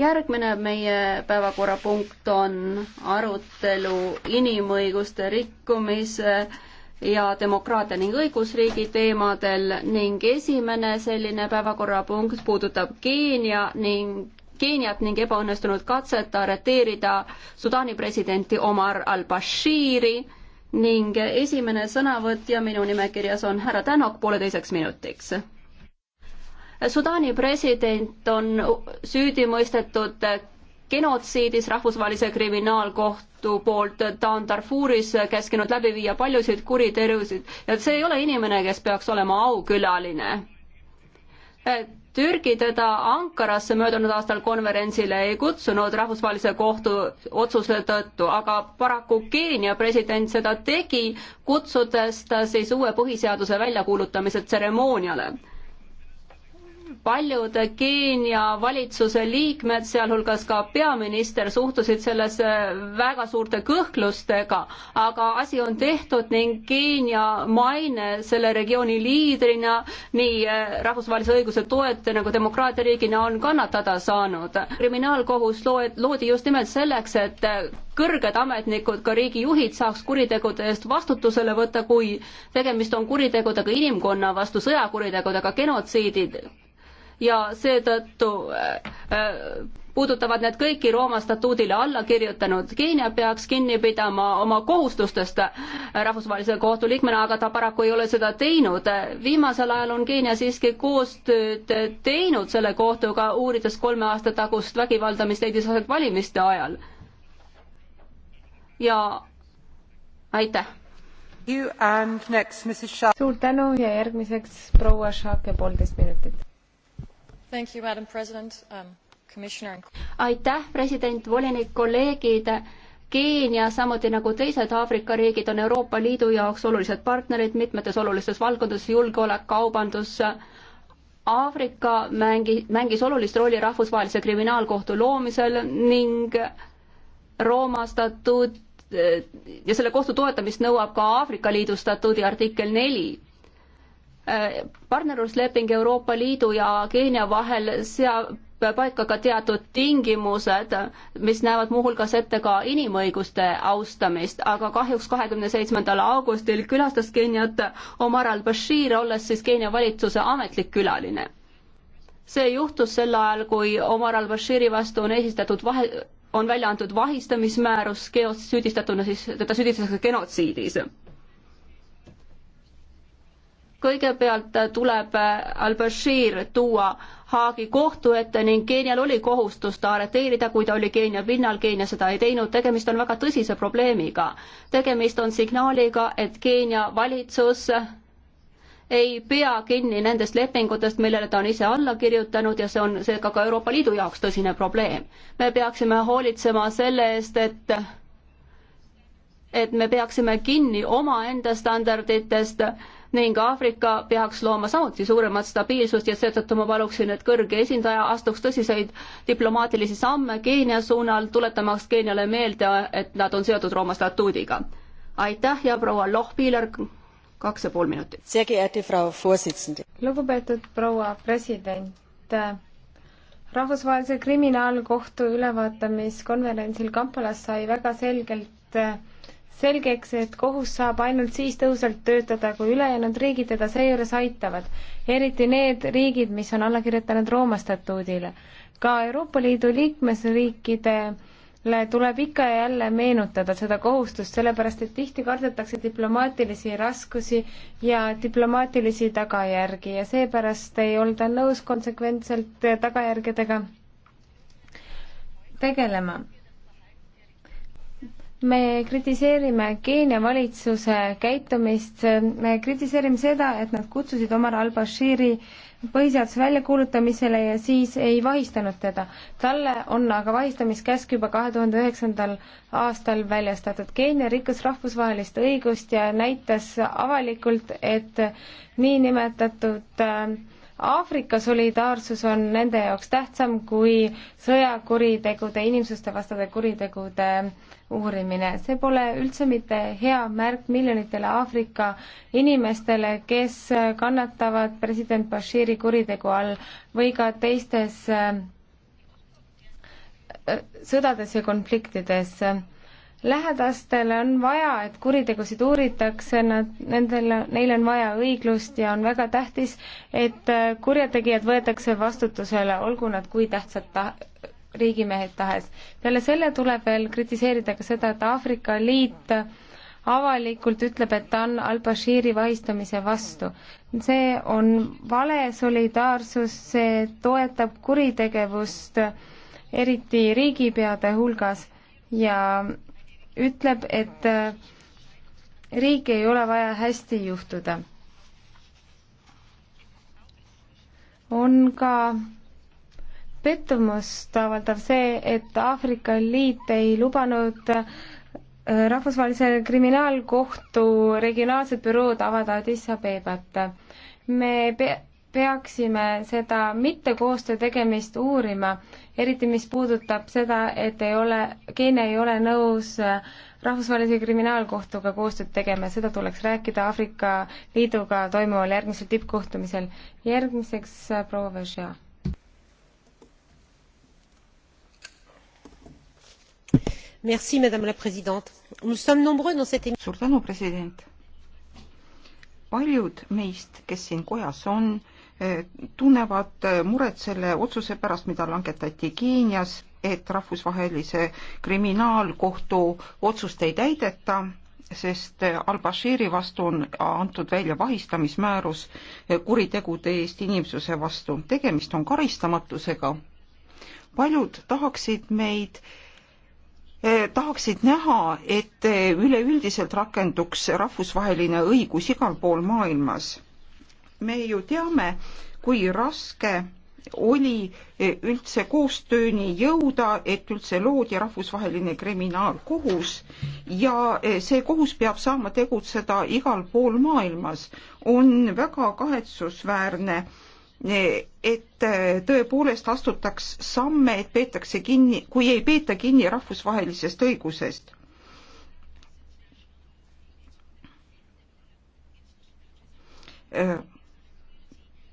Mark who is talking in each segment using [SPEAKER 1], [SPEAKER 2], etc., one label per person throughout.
[SPEAKER 1] järgmine meie päevakorrapunkt on arutelu inimõiguste rikkumise ja demokraatia ning õigusriigi teemadel ning esimene selline päevakorrapunkt puudutab Keenia ning Keeniat ning ebaõnnestunud katset arreteerida Sudaani presidenti Omar al-Bashiri ning esimene sõnavõtja minu nimekirjas on härra Tänok pooleteiseks minutiks Sudaani president on süüdi mõistetud genotsiidis rahvusvahelise kriminaalkohtu poolt, ta on Darfuris käskinud läbi viia paljusid kuritegusid ja see ei ole inimene, kes peaks olema aukülaline. Türgi teda Ankarasse möödunud aastal konverentsile ei kutsunud rahvusvahelise kohtu otsuse tõttu, aga paraku Keenia president seda tegi, kutsudes ta siis uue põhiseaduse väljakuulutamise tseremooniale paljud Keenia valitsuse liikmed, sealhulgas ka peaminister, suhtusid sellesse väga suurte kõhklustega, aga asi on tehtud ning Keenia maine selle regiooni liidrina, nii eh, rahvusvahelise õiguse toetajana nagu kui demokraatia riigina on kannatada saanud. kriminaalkohus loed, loodi just nimelt selleks, et eh, kõrged ametnikud, ka riigijuhid saaks kuritegude eest vastutusele võtta, kui tegemist on kuritegudega inimkonna vastu, sõjakuritegudega, genotsiidid, ja seetõttu äh, äh, puudutavad need kõiki Rooma statuudile alla kirjutanud. Keenia peaks kinni pidama oma kohustustest äh, rahvusvahelise kohtu liikmena, aga ta paraku ei ole seda teinud. viimasel ajal on Keenia siiski koostööd teinud selle kohtuga, uurides kolme aasta tagust vägivalda, mis leidis aset valimiste ajal. ja aitäh.
[SPEAKER 2] suur tänu ja järgmiseks
[SPEAKER 1] proua Šake poolteist minutit
[SPEAKER 2] Um,
[SPEAKER 1] aitäh, president, volinik, kolleegid. Keenia, samuti nagu teised Aafrika riigid, on Euroopa Liidu jaoks olulised partnerid mitmetes olulistes valdkondades, julgeolek, kaubandus. Aafrika mängi, mängis olulist rolli rahvusvahelise kriminaalkohtu loomisel ning Rooma statuut eh, ja selle kohtu toetamist nõuab ka Aafrika Liidu statuudi artikkel neli partnerlusleping Euroopa Liidu ja Keenia vahel seab paika ka teatud tingimused, mis näevad muuhulgas ette ka inimõiguste austamist, aga kahjuks kahekümne seitsmendal augustil külastas Keeniat Omar al-Bashir, olles siis Keenia valitsuse ametlik külaline. see juhtus sel ajal, kui Omar al-Bashiri vastu on esitatud vahe, on välja antud vahistamismäärus, süüdistatuna siis, teda süüdistatakse genotsiidis kõigepealt tuleb al-Bashir tuua Haagi kohtu ette ning Keenial oli kohustus ta arreteerida, kui ta oli Keenia pinnal, Keenia seda ei teinud, tegemist on väga tõsise probleemiga. tegemist on signaaliga, et Keenia valitsus ei pea kinni nendest lepingutest, millele ta on ise alla kirjutanud ja see on seega ka Euroopa Liidu jaoks tõsine probleem. me peaksime hoolitsema selle eest, et et me peaksime kinni omaenda standarditest ning Aafrika peaks looma samuti suuremat stabiilsust ja seetõttu ma paluksin, et kõrge esindaja astuks tõsiseid diplomaatilisi samme Keenia suunal, tuletamaks Keeniale meelde, et nad on seotud Rooma statuudiga. aitäh ja proua Lohpiiler, kaks ja pool minutit.
[SPEAKER 2] lugupeetud proua president, rahvusvahelise kriminaalkohtu ülevaatamiskonverentsil Kampalas sai väga selgelt selgeks, et kohus saab ainult siis tõhusalt töötada, kui ülejäänud riigid teda seejuures aitavad, eriti need riigid, mis on alla kirjutanud Rooma statuudile. ka Euroopa Liidu liikmesriikidele tuleb ikka ja jälle meenutada seda kohustust, sellepärast et tihti kardetakse diplomaatilisi raskusi ja diplomaatilisi tagajärgi ja seepärast ei olda nõus konsekventselt tagajärgedega tegelema me kritiseerime Keenia valitsuse käitumist, me kritiseerime seda, et nad kutsusid Omar al-Bashiri põhiseaduse väljakuulutamisele ja siis ei vahistanud teda. talle on aga vahistamiskäsk juba kahe tuhande üheksandal aastal väljastatud. Keenia rikkus rahvusvahelist õigust ja näitas avalikult, et niinimetatud äh, Aafrika solidaarsus on nende jaoks tähtsam kui sõjakuritegude, inimsustevastaste kuritegude uurimine. see pole üldse mitte hea märk miljonitele Aafrika inimestele, kes kannatavad president Bashiri kuritegu all või ka teistes äh, sõdades ja konfliktides lähedastele on vaja, et kuritegusid uuritakse, nad, nendel, neil on vaja õiglust ja on väga tähtis, et äh, kurjategijad võetakse vastutusele, olgu nad kui tähtsad ta-, riigimehed tahes. peale selle tuleb veel kritiseerida ka seda, et Aafrika Liit avalikult ütleb, et ta on al-Bashiri vahistamise vastu. see on vale solidaarsus, see toetab kuritegevust, eriti riigipeade hulgas ja ütleb, et äh, riigi ei ole vaja hästi juhtuda. on ka pettumust avaldav see, et Aafrika Liit ei lubanud äh, rahvusvahelise kriminaalkohtu regionaalsed bürood avada Addis Abebat. me pe-, peaksime seda mittekoostöö tegemist uurima eriti mis puudutab seda, et ei ole, Keenia ei ole nõus äh, rahvusvahelise kriminaalkohtuga koostööd tegema ja seda tuleks rääkida Aafrika Liiduga toimuval järgmisel tippkohtumisel. järgmiseks äh, proua Veržea.
[SPEAKER 3] Merci, madame la présidente. Nous sommes nombreux dans cette suur tänu, president. paljud meist, kes siin kojas on, tunnevad muret selle otsuse pärast, mida langetati Keenias, et rahvusvahelise kriminaalkohtu otsust ei täideta, sest al-Bashiri vastu on antud välja vahistamismäärus kuritegude eest inimsuse vastu. tegemist on karistamatusega. paljud tahaksid meid tahaksid näha, et üleüldiselt rakenduks rahvusvaheline õigus igal pool maailmas me ju teame, kui raske oli e, üldse koostööni jõuda, et üldse loodi rahvusvaheline kriminaalkohus ja e, see kohus peab saama tegutseda igal pool maailmas. on väga kahetsusväärne, e, et tõepoolest astutaks samme, et peetakse kinni, kui ei peeta kinni rahvusvahelisest õigusest. Uh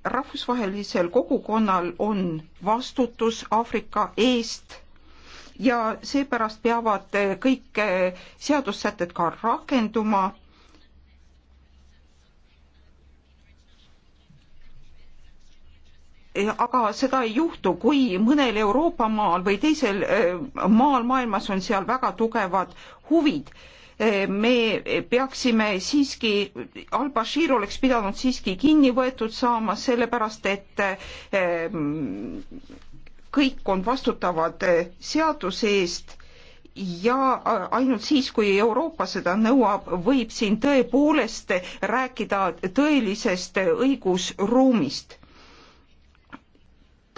[SPEAKER 3] rahvusvahelisel kogukonnal on vastutus Aafrika eest ja seepärast peavad kõik seadussätted ka rakenduma. aga seda ei juhtu, kui mõnel Euroopa maal või teisel äh, maal maailmas on seal väga tugevad huvid Eh, me peaksime siiski, al-Bashir oleks pidanud siiski kinni võetud saama, sellepärast et eh, kõik on vastutavad eh, seaduse eest ja ainult siis, kui Euroopa seda nõuab, võib siin tõepoolest rääkida tõelisest õigusruumist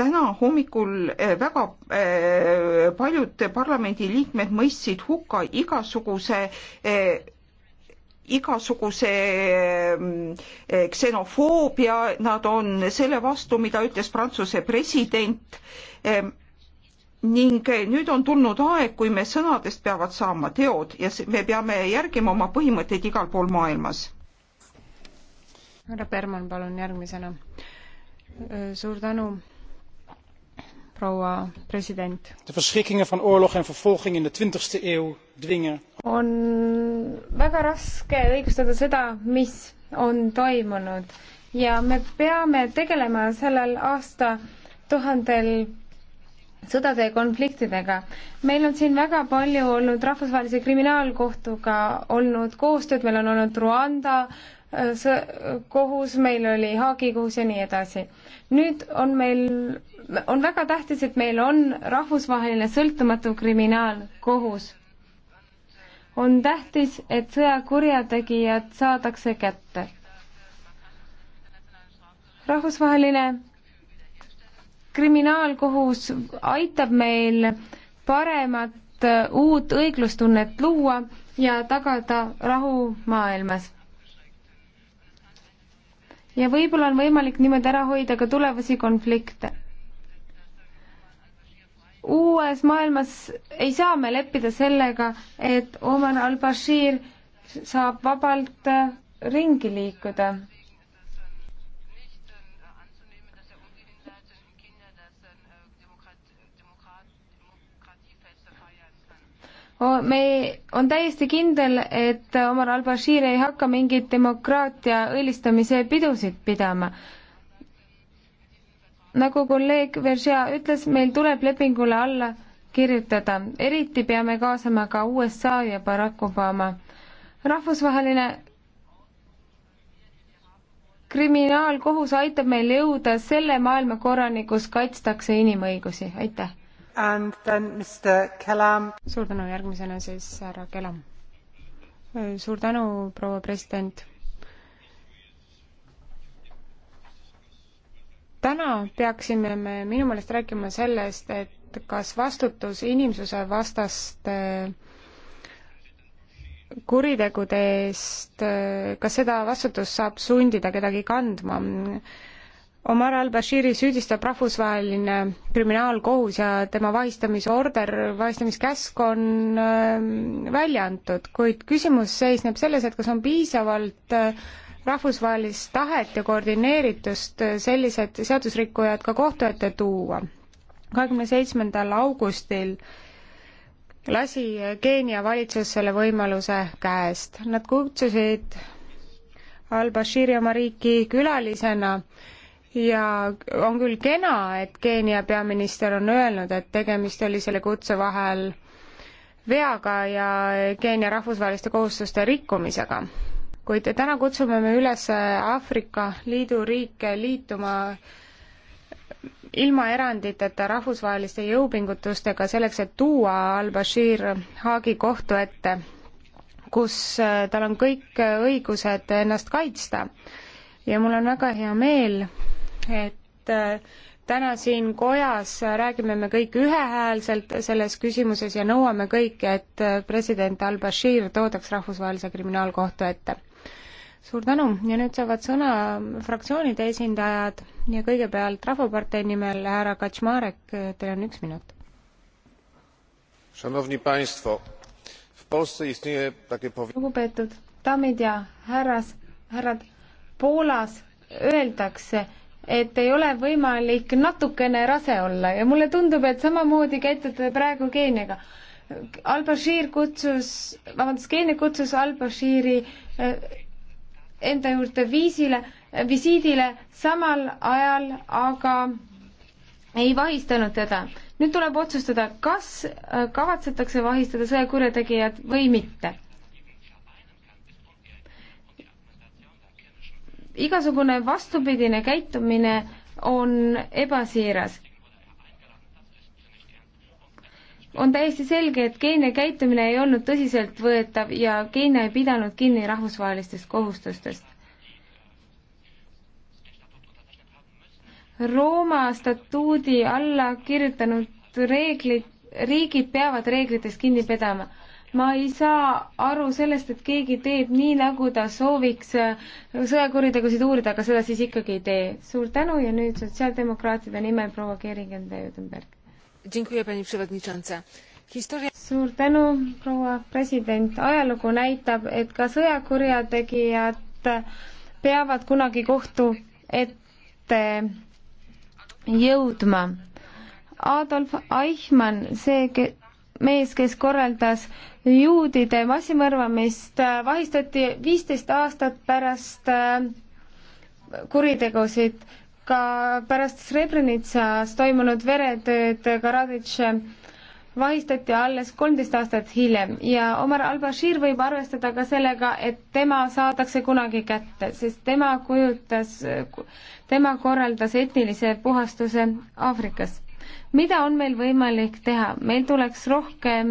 [SPEAKER 3] täna hommikul eh, väga eh, paljud parlamendiliikmed mõistsid hukka igasuguse eh, igasuguse ksenofoobia, nad on selle vastu, mida ütles Prantsuse president ning nüüd on tulnud aeg, kui me sõnadest peavad saama teod ja me peame järgima oma põhimõtteid igal pool maailmas.
[SPEAKER 2] härra Berman, palun järgmisena. suur tänu proua president. on väga raske õigustada seda, mis on toimunud ja me peame tegelema sellel aastatuhandel sõdade ja konfliktidega. meil on siin väga palju olnud Rahvusvahelise Kriminaalkohtuga olnud koostööd, meil on olnud Rwanda Äh, kohus, meil oli Haagi kohus ja nii edasi. nüüd on meil, on väga tähtis, et meil on rahvusvaheline sõltumatu kriminaalkohus. on tähtis, et sõjakurjategijad saadakse kätte. rahvusvaheline kriminaalkohus aitab meil paremat äh, uut õiglustunnet luua ja tagada rahu maailmas ja võib-olla on võimalik niimoodi ära hoida ka tulevasi konflikte. uues maailmas ei saa me leppida sellega, et Omar al-Bashir saab vabalt ringi liikuda me, on täiesti kindel, et Omar al-Bashir ei hakka mingeid demokraatia õilistamise pidusid pidama. nagu kolleeg Veržea ütles, meil tuleb lepingule alla kirjutada, eriti peame kaasama ka USA ja Barack Obama. rahvusvaheline kriminaalkohus aitab meil jõuda selle maailmakorrani, kus kaitstakse inimõigusi, aitäh! suur tänu, järgmisena siis härra Kelam. suur tänu, proua president. täna peaksime me minu meelest rääkima sellest, et kas vastutus inimsuse vastaste kuritegude eest, kas seda vastutust saab sundida kedagi kandma Omar al-Bashiri süüdistab rahvusvaheline kriminaalkohus ja tema vahistamisorder, vahistamiskäsk on ähm, välja antud, kuid küsimus seisneb selles, et kas on piisavalt äh, rahvusvahelist tahet ja koordineeritust äh, sellised seadusrikkujad ka kohtu ette tuua. kahekümne seitsmendal augustil lasi Keenia valitsus selle võimaluse käest. Nad kutsusid al-Bashiri oma riiki külalisena ja on küll kena, et Keenia peaminister on öelnud, et tegemist oli selle kutse vahel veaga ja Keenia rahvusvaheliste kohustuste rikkumisega. kuid täna kutsume me üles Aafrika Liidu riike liituma ilma eranditeta rahvusvaheliste jõupingutustega selleks, et tuua al-Bashir Haagi kohtu ette, kus äh, tal on kõik õigused ennast kaitsta. ja mul on väga hea meel, et äh, täna siin kojas räägime me kõik ühehäälselt selles küsimuses ja nõuame kõik, et äh, president al-Bashir toodaks rahvusvahelise kriminaalkohtu ette. suur tänu ja nüüd saavad sõna fraktsioonide esindajad ja kõigepealt Rahvapartei nimel härra Kaczmarek, teil on üks minut. lugupeetud daamid ja härras, härrad, Poolas öeldakse, et ei ole võimalik natukene rase olla ja mulle tundub, et samamoodi käitute praegu Keeniaga. al-Bashir kutsus, vabandust, Keenia kutsus al-Bashiri eh, enda juurde viisile, eh, visiidile samal ajal, aga ei vahistanud teda. nüüd tuleb otsustada, kas eh, kavatsetakse vahistada sõjakurjategijad või mitte igasugune vastupidine käitumine on ebasiiras. on täiesti selge, et Keenia käitumine ei olnud tõsiseltvõetav ja Keenia ei pidanud kinni rahvusvahelistest kohustustest. Rooma statuudi alla kirjutanud reeglid, riigid peavad reeglitest kinni pidama ma ei saa aru sellest, et keegi teeb nii, nagu ta sooviks äh, sõjakuritegusid uurida, aga seda siis ikkagi ei tee. suur tänu ja nüüd sotsiaaldemokraatide nimel proua Keringen-Teudenberg. Historia... suur tänu, proua president. ajalugu näitab, et ka sõjakurjategijad peavad kunagi kohtu ette jõudma. Adolf Eichmann, see, mees, kes korraldas juudide massimõrvamist, äh, vahistati viisteist aastat pärast äh, kuritegusid, ka pärast Srebrenitsas toimunud veretööd Karadžitš vahistati alles kolmteist aastat hiljem ja Omar al-Bashir võib arvestada ka sellega, et tema saadakse kunagi kätte, sest tema kujutas, tema korraldas etnilise puhastuse Aafrikas mida on meil võimalik teha? meil tuleks rohkem,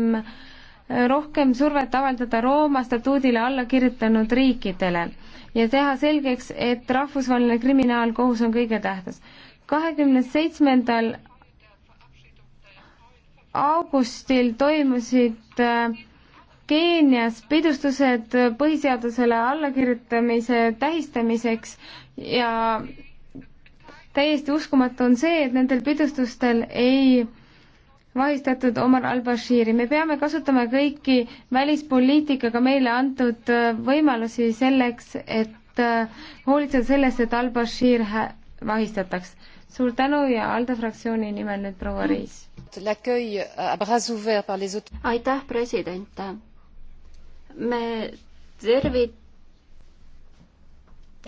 [SPEAKER 2] rohkem survet avaldada Rooma statuudile alla kirjutanud riikidele ja teha selgeks, et rahvusvaheline kriminaalkohus on kõige tähtis. kahekümne seitsmendal augustil toimusid äh, Keenias pidustused põhiseadusele allakirjutamise tähistamiseks ja täiesti uskumatu on see, et nendel pidustustel ei vahistatud Omar al-Bashiri. me peame kasutama kõiki välispoliitikaga meile antud äh, võimalusi selleks, et äh, hoolitseda sellest, et al-Bashir vahistataks. suur tänu ja ALDE fraktsiooni nimel nüüd proua Riis.
[SPEAKER 1] aitäh, president. me tervitame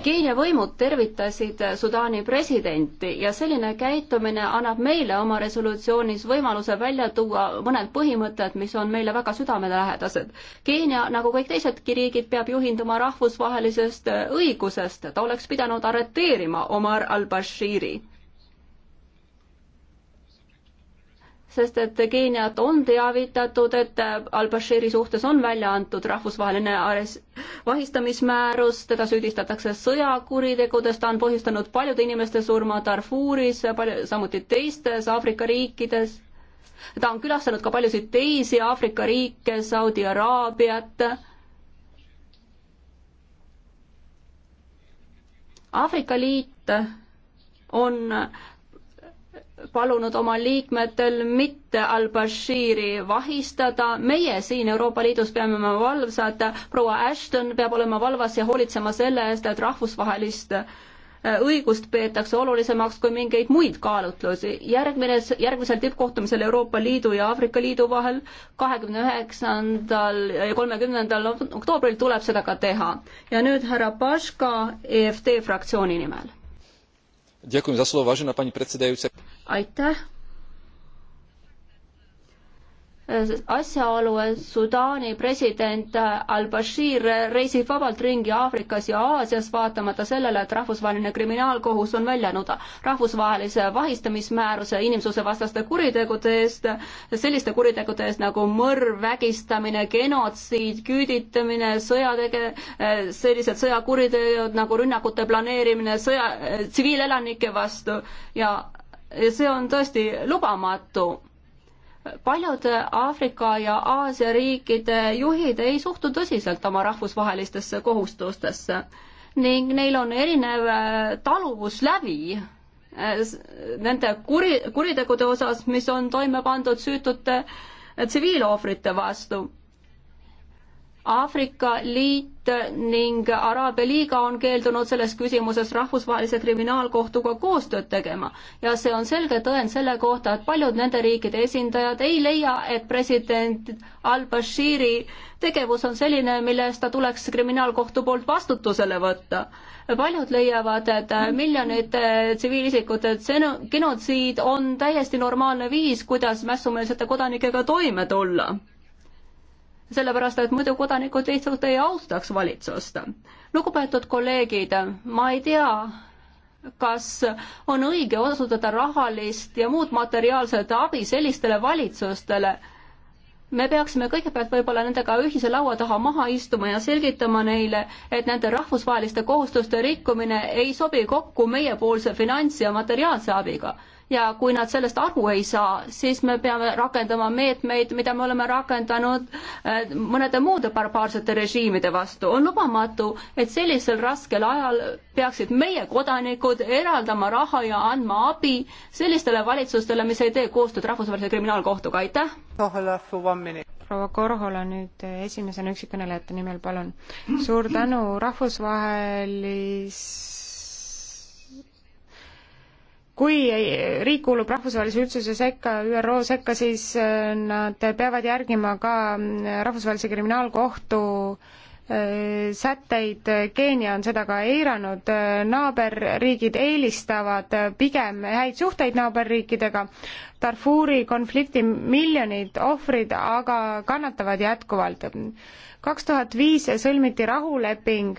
[SPEAKER 1] Keenia võimud tervitasid Sudaani presidenti ja selline käitumine annab meile oma resolutsioonis võimaluse välja tuua mõned põhimõtted, mis on meile väga südamelähedased. Keenia, nagu kõik teisedki riigid, peab juhinduma rahvusvahelisest õigusest, ta oleks pidanud arreteerima Omar al-Bashiri sest et Keeniat on teavitatud, et al-Bashiri suhtes on välja antud rahvusvaheline ares-, vahistamismäärus, teda süüdistatakse sõjakuritegudes, ta on põhjustanud paljude inimeste surma Darfuris, palju, samuti teistes Aafrika riikides. ta on külastanud ka paljusid teisi Aafrika riike, Saudi Araabiat. Aafrika Liit on palunud oma liikmetel mitte al-Bashiri vahistada. meie siin Euroopa Liidus peame olema valvsad, proua Ashton peab olema valvas ja hoolitsema selle eest, et rahvusvahelist äh, õigust peetakse olulisemaks kui mingeid muid kaalutlusi. järgmine, järgmisel tippkohtumisel Euroopa Liidu ja Aafrika Liidu vahel kahekümne üheksandal ja kolmekümnendal oktoobril tuleb seda ka teha. ja nüüd härra Paška EFD fraktsiooni nimel.
[SPEAKER 3] Ďakujem za slovo, vážená pani predsedajúca
[SPEAKER 1] aitäh. asjaolu, et Sudaani president al-Bashir reisib vabalt ringi Aafrikas ja Aasias, vaatamata sellele, et rahvusvaheline kriminaalkohus on väljanud rahvusvahelise vahistamismääruse inimsusevastaste kuritegude eest, selliste kuritegude eest nagu mõrv, vägistamine, genotsiid, küüditamine, sõjatege-, sellised sõjakuriteod nagu rünnakute planeerimine sõja, tsiviilelanike vastu ja see on tõesti lubamatu. paljud Aafrika ja Aasia riikide juhid ei suhtu tõsiselt oma rahvusvahelistesse kohustustesse ning neil on erinev äh, taluvuslävi äh, nende kuri, kuritegude osas, mis on toime pandud süütute äh, tsiviilohvrite vastu Aafrika Liit ning Araabia Liiga on keeldunud selles küsimuses rahvusvahelise kriminaalkohtuga koostööd tegema ja see on selge tõend selle kohta, et paljud nende riikide esindajad ei leia, et president al-Bashiri tegevus on selline, mille eest ta tuleks kriminaalkohtu poolt vastutusele võtta. paljud leiavad, et miljonite tsiviilisikute genotsiid on täiesti normaalne viis, kuidas mässumeelsete kodanikega toime tulla sellepärast et muidu kodanikud lihtsalt ei austaks valitsust. lugupeetud kolleegid, ma ei tea, kas on õige osutada rahalist ja muud materiaalset abi sellistele valitsustele, me peaksime kõigepealt võib-olla nendega ühise laua taha maha istuma ja selgitama neile, et nende rahvusvaheliste kohustuste rikkumine ei sobi kokku meiepoolse finants- ja materiaalse abiga ja kui nad sellest aru ei saa, siis me peame rakendama meetmeid, mida me oleme rakendanud äh, mõnede muude barbaarsete režiimide vastu. on lubamatu, et sellisel raskel ajal peaksid meie kodanikud eraldama raha ja andma abi sellistele valitsustele, mis ei tee koostööd Rahvusvahelise Kriminaalkohtuga, aitäh!
[SPEAKER 2] proua Korhola nüüd esimesena üksikkõnelejate nimel, palun. suur tänu rahvusvahelis kui riik kuulub rahvusvahelise üldsuse sekka, ÜRO sekka, siis äh, nad peavad järgima ka äh, Rahvusvahelise Kriminaalkohtu äh, sätteid, Keenia on seda ka eiranud, naaberriigid eelistavad pigem häid suhteid naaberriikidega, Darfuri konflikti miljonid ohvrid aga kannatavad jätkuvalt. kaks tuhat viis sõlmiti rahuleping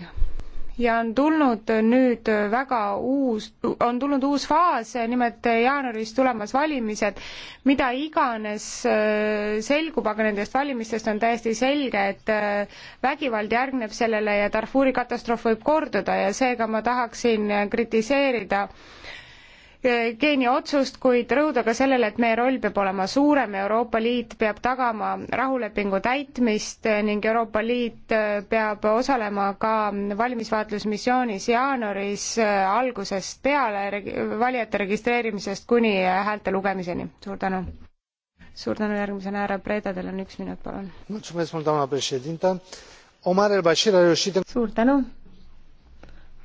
[SPEAKER 2] ja on tulnud nüüd väga uus, on tulnud uus faas, nimelt jaanuaris tulemas valimised, mida iganes äh, selgub, aga nendest valimistest on täiesti selge, et äh, vägivald järgneb sellele ja Darfuri katastroof võib korduda ja seega ma tahaksin kritiseerida äh, geeni otsust, kuid rõhuda ka sellele, et meie roll peab olema suurem, Euroopa Liit peab tagama rahulepingu täitmist ning Euroopa Liit äh, peab osalema ka valimisvaatlusmissioonis jaanuaris äh, algusest peale valijate registreerimisest kuni häälte lugemiseni. suur tänu! suur tänu, järgmisena härra Preda, teil on üks minut, palun.
[SPEAKER 3] Omar al-Bashir a
[SPEAKER 2] reușit suur tänu!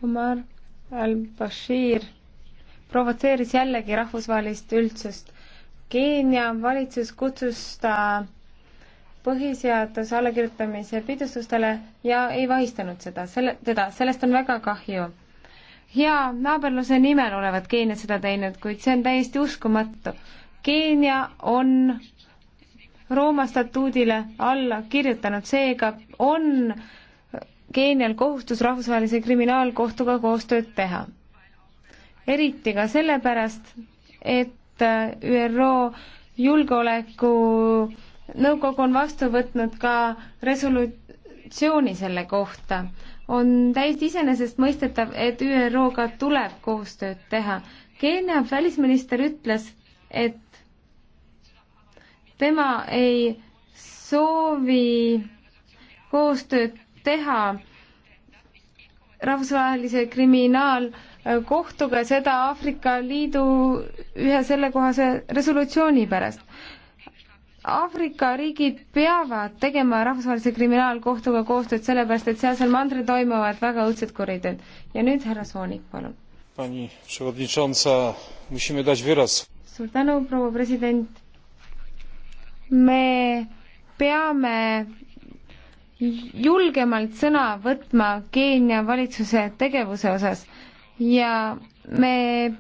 [SPEAKER 2] Omar al-Bashir provotseeris jällegi rahvusvahelist üldsust. Keenia valitsus kutsus ta põhiseaduse allakirjutamise pidustustele ja ei vahistanud seda, selle, teda, sellest on väga kahju. hea naaberluse nimel olevat Keeniad seda teinud, kuid see on täiesti uskumatu. Keenia on Rooma statuudile alla kirjutanud, seega on Keenial kohustus rahvusvahelise kriminaalkohtuga koostööd teha eriti ka sellepärast, et äh, ÜRO Julgeolekunõukogu on vastu võtnud ka resolutsiooni selle kohta. on täiesti iseenesestmõistetav, et ÜRO-ga tuleb koostööd teha. Keenia välisminister ütles, et tema ei soovi koostööd teha rahvusvahelise kriminaal- kohtuge seda Aafrika Liidu ühe sellekohase resolutsiooni pärast. Aafrika riigid peavad tegema Rahvusvahelise Kriminaalkohtuga koostööd, sellepärast et sealsel mandril toimuvad väga õudsed kuriteod. ja nüüd härra Soonik, palun. suur tänu, proua president. me peame julgemalt sõna võtma Keenia valitsuse tegevuse osas ja me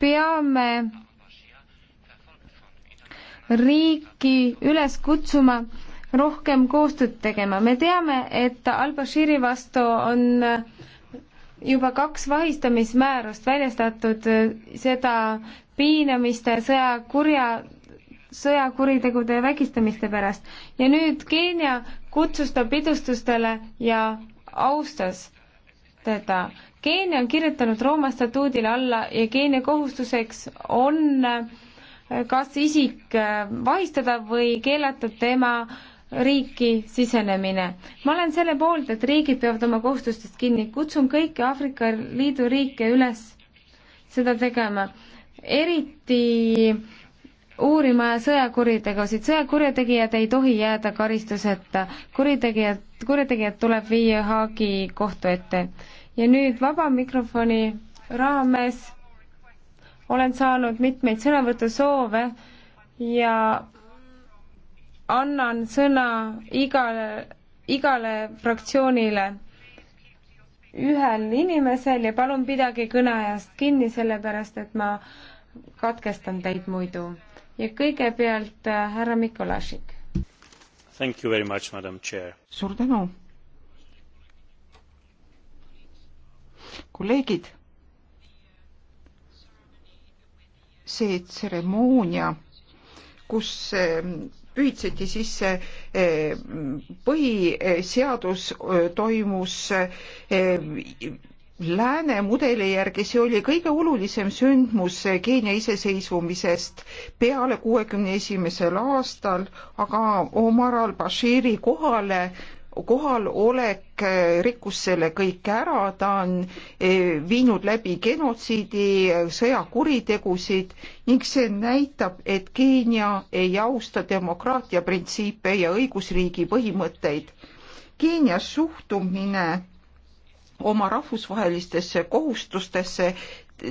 [SPEAKER 2] peame riiki üles kutsuma rohkem koostööd tegema. me teame, et al-Bashiri vastu on juba kaks vahistamismäärust väljastatud, seda piinamiste, sõjakurja, sõjakuritegude ja vägistamiste pärast. ja nüüd Keenia kutsus ta pidustustele ja austas teda. Keenia on kirjutanud Rooma statuudile alla ja Keenia kohustuseks on eh, kas isik eh, vahistada või keelata tema riiki sisenemine. ma olen selle poolt, et riigid peavad oma kohustustest kinni, kutsun kõiki Aafrika Liidu riike üles seda tegema, eriti uurima sõjakuritegusid, sõjakurjategijad ei tohi jääda karistuseta, kuritegijad, kurjategijad tuleb viia Haagi kohtu ette ja nüüd vaba mikrofoni raames olen saanud mitmeid sõnavõtusoove ja annan sõna igale, igale fraktsioonile ühel inimesel ja palun pidage kõneajast kinni, sellepärast et ma katkestan teid muidu. ja kõigepealt äh, härra
[SPEAKER 3] Mikolašik. suur tänu kolleegid, see tseremoonia, kus ehm, pühitseti sisse ehm, põhiseadus, toimus ehm, lääne mudeli järgi see oli kõige olulisem sündmus eh, Keenia iseseisvumisest peale kuuekümne esimesel aastal, aga Omar al-Bashiri kohale kohalolek eh, rikkus selle kõik ära, ta on eh, viinud läbi genotsiidi, eh, sõjakuritegusid ning see näitab, et Keenia ei austa demokraatia printsiipe ja õigusriigi põhimõtteid. Keenia suhtumine oma rahvusvahelistesse kohustustesse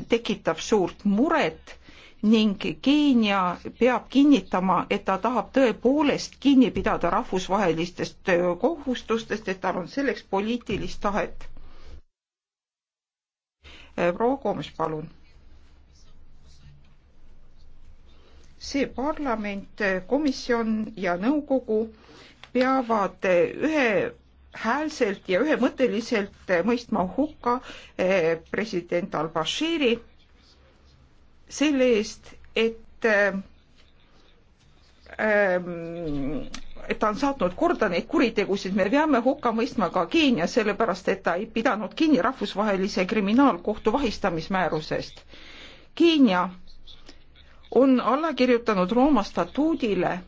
[SPEAKER 3] tekitab suurt muret ning Keenia peab kinnitama, et ta tahab tõepoolest kinni pidada rahvusvahelistest kohustustest, et tal on selleks poliitilist tahet. Äh, proua Koomes, palun. see parlament, äh, komisjon ja nõukogu peavad äh, ühehäälselt ja ühemõtteliselt mõistma hukka president al-Bashiri selle eest, et ähm, et ta on saatnud korda neid kuritegusid, me peame hukka mõistma ka Keenia, sellepärast et ta ei pidanud kinni rahvusvahelise kriminaalkohtu vahistamismäärusest. Keenia on alla kirjutanud Rooma statuudile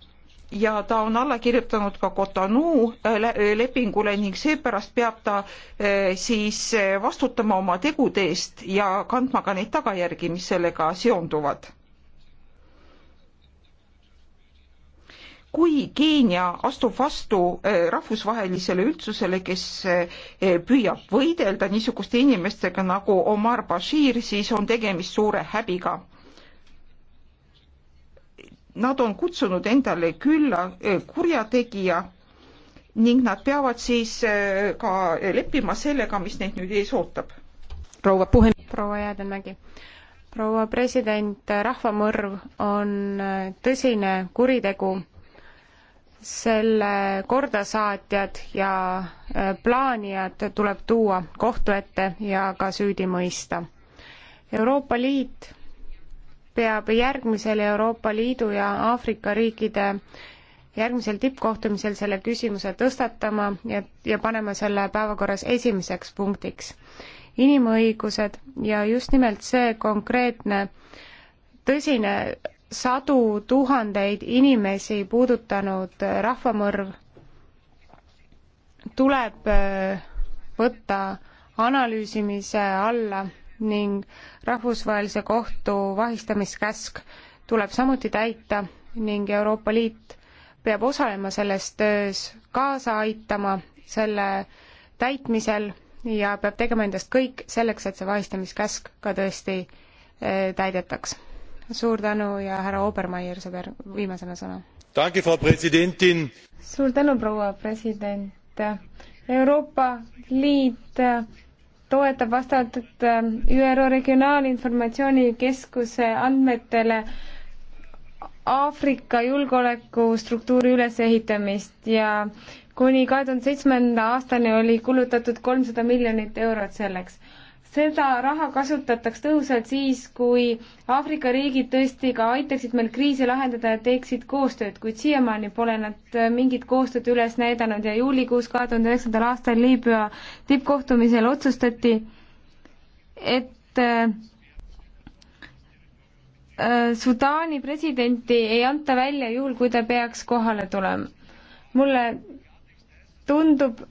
[SPEAKER 3] ja ta on alla kirjutanud ka Cotonou äh, äh, lepingule ning seepärast peab ta äh, siis vastutama oma tegude eest ja kandma ka neid tagajärgi, mis sellega seonduvad. kui Keenia astub vastu rahvusvahelisele üldsusele, kes püüab võidelda niisuguste inimestega nagu Omar Bashir, siis on tegemist suure häbiga nad on kutsunud endale külla eh, kurjategija ning nad peavad siis eh, ka leppima sellega, mis neid nüüd ees ootab. proua puhe-. proua Jäädemägi.
[SPEAKER 2] proua president, rahvamõrv on eh, tõsine kuritegu. selle kordasaatjad ja plaanijad tuleb tuua kohtu ette ja ka süüdi mõista. Euroopa Liit peab järgmisel Euroopa Liidu ja Aafrika riikide järgmisel tippkohtumisel selle küsimuse tõstatama ja, ja panema selle päevakorras esimeseks punktiks. inimõigused ja just nimelt see konkreetne tõsine sadu tuhandeid inimesi puudutanud rahvamõrv tuleb äh, võtta analüüsimise alla ning rahvusvahelise kohtu vahistamiskäsk tuleb samuti täita ning Euroopa Liit peab osalema selles töös, kaasa aitama selle täitmisel ja peab tegema endast kõik selleks, et see vahistamiskäsk ka tõesti eh, täidetaks. suur tänu ja härra Obermeier saab järg-, viimasena sõna. suur tänu, proua president. Euroopa Liit toetab vastavalt äh, ÜRO Regionaalinformatsioonikeskuse andmetele Aafrika julgeolekustruktuuri ülesehitamist ja kuni kahe tuhande seitsmenda aastani oli kulutatud kolmsada miljonit eurot selleks seda raha kasutataks tõhusalt siis, kui Aafrika riigid tõesti ka aitaksid meil kriise lahendada ja teeksid koostööd, kuid siiamaani pole nad äh, mingit koostööd üles näidanud ja juulikuus kahe tuhande üheksandal aastal Liibüa tippkohtumisel otsustati, et äh, äh, Sudaani presidenti ei anta välja juhul, kui ta peaks kohale tulema. mulle tundub,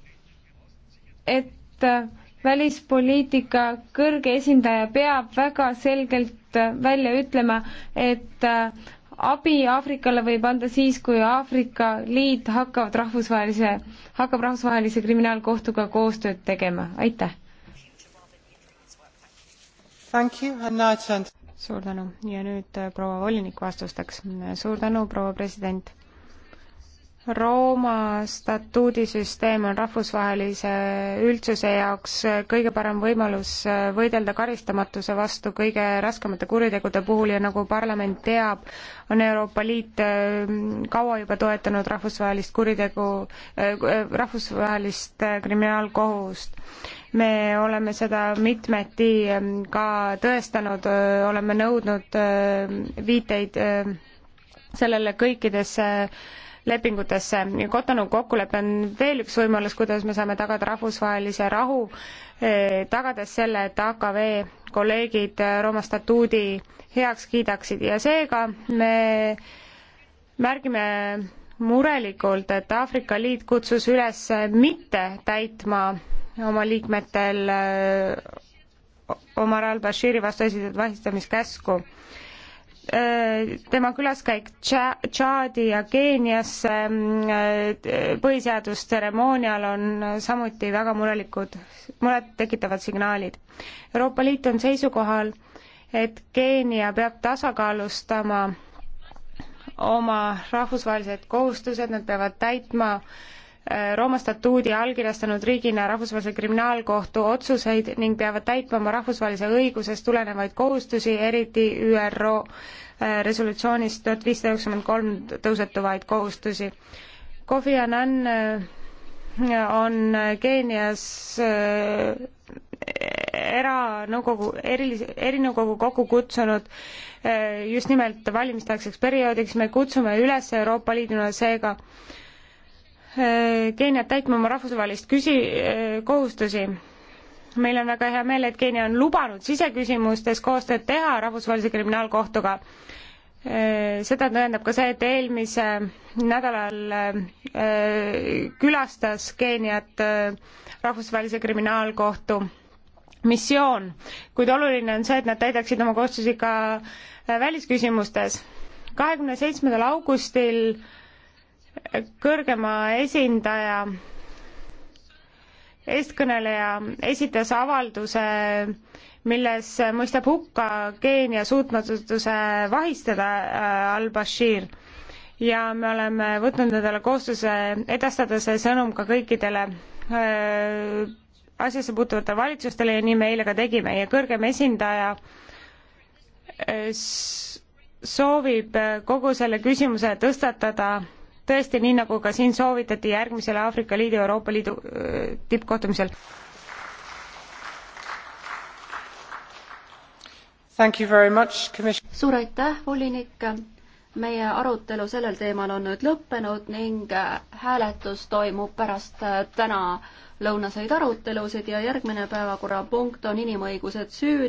[SPEAKER 2] et äh, välispoliitika kõrge esindaja peab väga selgelt välja ütlema, et äh, abi Aafrikale võib anda siis, kui Aafrika Liit hakkavad rahvusvahelise, hakkab rahvusvahelise kriminaalkohtuga koostööd tegema, aitäh! suur tänu ja nüüd äh, proua volinik vastusteks. suur tänu, proua president! Rooma statuudisüsteem on rahvusvahelise üldsuse jaoks kõige parem võimalus võidelda karistamatuse vastu kõige raskemate kuritegude puhul ja nagu parlament teab, on Euroopa Liit äh, kaua juba toetanud rahvusvahelist kuritegu, äh, rahvusvahelist äh, kriminaalkohust. me oleme seda mitmeti ähm, ka tõestanud, oleme nõudnud viiteid sellele kõikidesse lepingutesse. Cotonou kokkulepe on veel üks võimalus, kuidas me saame tagada rahvusvahelise rahu, eh, tagades selle, et AKV kolleegid eh, Rooma statuudi heaks kiidaksid ja seega me märgime murelikult, et Aafrika Liit kutsus üles mitte täitma oma liikmetel eh, Omar al-Bashiri vastu esitatud vahistamiskäsku. Äh, tema külaskäik Tšaadi ja Keeniasse ähm, äh, põhiseadustseremoonial on samuti väga murelikud, murettekitavad signaalid. Euroopa Liit on seisukohal, et Keenia peab tasakaalustama oma rahvusvahelised kohustused, nad peavad täitma äh, Rooma statuudi allkirjastanud riigina Rahvusvahelise Kriminaalkohtu otsuseid ning peavad täitma oma rahvusvahelise õigusest tulenevaid kohustusi, eriti ÜRO äh, resolutsioonist tuhat viissada üheksakümmend kolm tõusetuvaid kohustusi. Kofi Annan äh, on Keenias äh, eranõukogu, erilise, erinõukogu kokku kutsunud just nimelt valimisteaegseks perioodiks, me kutsume üles Euroopa Liiduna seega äh, Eh, Keeniat täitma oma rahvusvahelist küsi-, eh, kohustusi. meil on väga hea meel, et Keenia on lubanud siseküsimustes koostööd teha Rahvusvahelise Kriminaalkohtuga. Eh, seda tõendab ka see, et eelmise nädalal külastas Keeniat Rahvusvahelise Kriminaalkohtu missioon, kuid oluline on see, et nad täidaksid oma kohustusi ka välisküsimustes. kahekümne seitsmendal augustil äh, kõrgema esindaja eestkõneleja esitas avalduse, milles mõistab hukka Keenia suutmatuse vahistada äh, al-Bashir ja me oleme võtnud endale kohustuse edastada see sõnum ka kõikidele äh, asjasse puutuvatele valitsustele ja nii me eile ka tegime ja kõrgem esindaja äh, soovib kogu selle küsimuse tõstatada tõesti, nii nagu ka siin soovitati järgmisele Aafrika Liidu Euroopa Liidu tippkohtumisel.
[SPEAKER 1] suur aitäh, volinik. meie arutelu sellel teemal on nüüd lõppenud ning äh, hääletus toimub pärast äh, täna lõunaseid arutelusid ja järgmine päevakorrapunkt on inimõigused süü-.